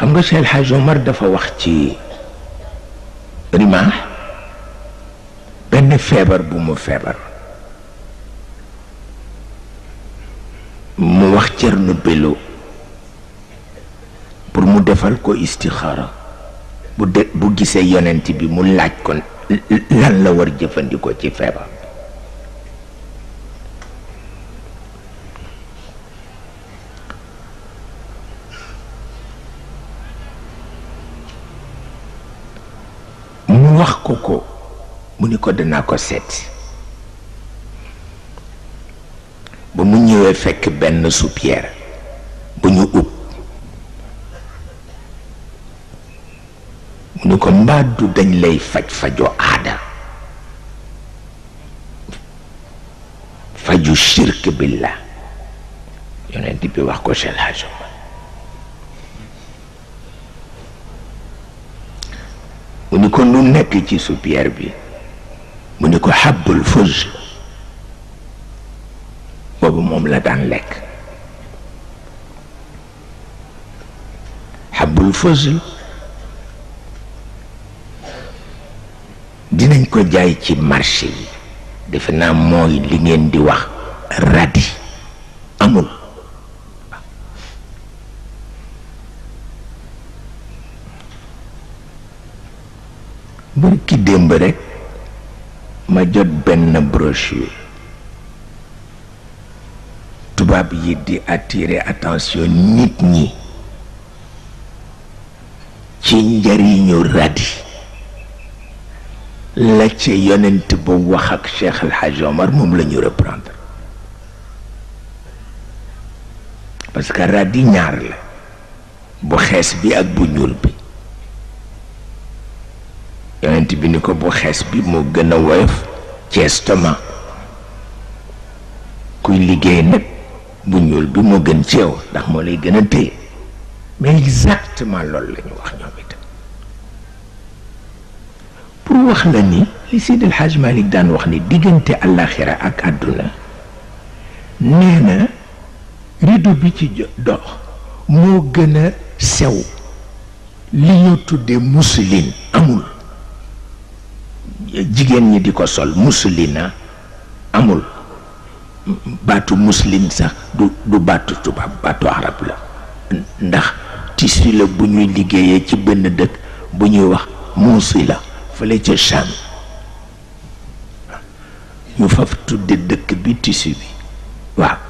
xam nga Cheikh El Hadj dafa wax ci rimaax benn feebar bu mu feebar mu wax Cerno Bello pour mu defal ko istixaara bu de bu gisee yonent bi mu laaj kon lan la war jëfandikoo ci feebar mu wax ko ko mu ni ko danaa ko seet ba mu ñëwee fekk benn soupière bu ñu ub mu ni ko mbaadu dañ lay faj fajo aada faju shirk billah yonent bi wax ko selhajo mu ni ko lu nekk ci soupière bi mu ni ko xabbul fuz boobu moom la daan lekk xabbul fuz dinañ ko jaay ci marché yi defe naa mooy li ngeen di wax radi amul bërki démb rek ma jot benn brochure tubaab yi di attire attention nit ñi ci njariñu radi la ci yonent ba wax ak Cheikh El moom la ñu reprendre parce que radi ñaar la bu xees bi ak bu ñuul bi yonent bi ni ko bu xees bi moo gën a woyof ci estomac kuy liggéey nag bu ñuul bi moo gën ci yow ndax moo lay gën a téye mais exactement loolu la ñu wax ñoom it pour wax la ni li Seydi El Hadj malik daan wax ni diggante àllaaxira ak àdduna nee na rido bi ci dox moo gën a sew li ñu tuddee musulin amul jigéen ñi di ko sol musulina amul baatu muslim sax du du baatu tubaab baatu arab la ndax tissu la bu ñuy liggéeyee ci benn dëkk bu ñuy wax muusi la fële ca Sham ñu faf tudde dëkk bi tissu bi waaw